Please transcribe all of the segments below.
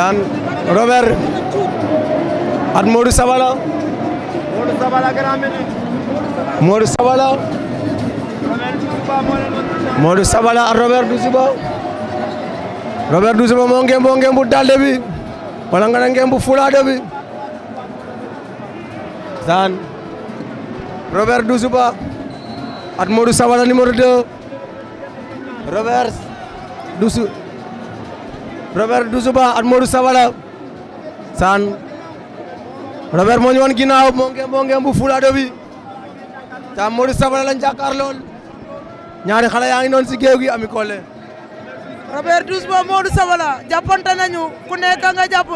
daan Robert at Modou Sabala Modou Sabala grand Sabala Modou Sabala at Robert Douziba Robert Douziba moo ngemb moo ngemb dalde bi wala nga na ngemb fulaade bi daan Robert Douziba at Modou Sabala numéro 2 Robert Douziba Robert Doussouba ak Modou Sabala saan Robert moo ñu woon ginnaaw moo ngeem moo ngeem bu fulaado bi saan Modou Sabala lañ jàkkaar lool ñaari xale yaa ngi noonu si géew gi ami kolle Robert Doussouba Modou Sabala jàppante nañu ku nekk nga jàpp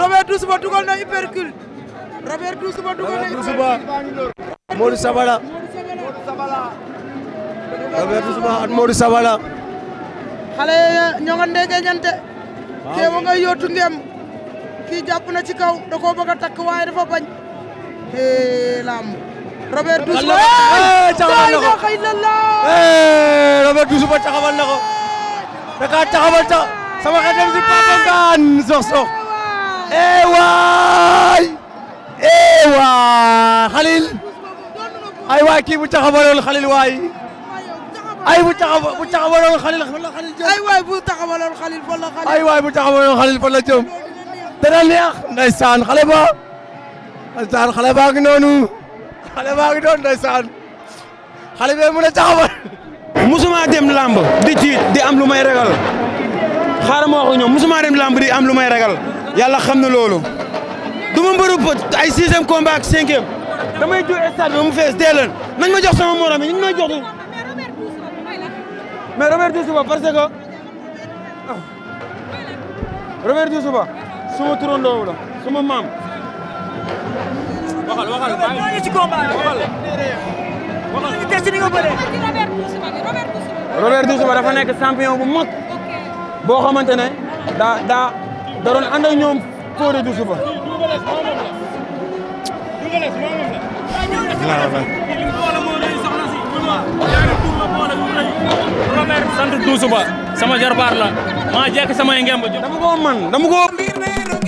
Robert Doussouba dugal na hypercule Robert Doussouba dugal Sabala Robert Doussouba ak Modou Sabala xale ñoo nga ndege ñante teewa ngay yootu ngeem kii jàpp na ci kaw da koo bëgg a takk waaye dafa bañ eh laam Robert Douce ba taxawal na na ko da kaa taxawal tax sama xel dem si Papa Ngane sox sox eh waay eh waay Khalil ay waay kii bu taxawaloon Khalil waay ay bu taxaw bu taxawaloon xalil fan ay bu taxawaloon xalil fan la xalil ay waay bu taxawaloon xalil fan la jëm dana neex ndeysaan xale ba dem làmb di tiit di am lu may ragal xaaral musu wax dem làmb di am lu may ragal yàlla xam na loolu du ma mbëru pët ay sixième combat ak cinquième damay ju mu fees dee nañ ma jox sama morom yi nañ ma jox mais Robert Dioussouba parce que Robert Dioussouba suma turandoo la suma maam. waxal waxal maa ngi ci combat bu mag boo xamante ne daa daa da doon ñoom Fodé Dioussouba. waaw Youssouba sama jarbaar la maa jekk samay ngemb dama ko man dama ko